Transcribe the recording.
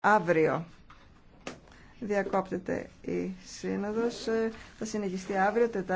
αύριο. Διακόπτεται η σύνοδος. Ε, θα συνεχιστεί αύριο,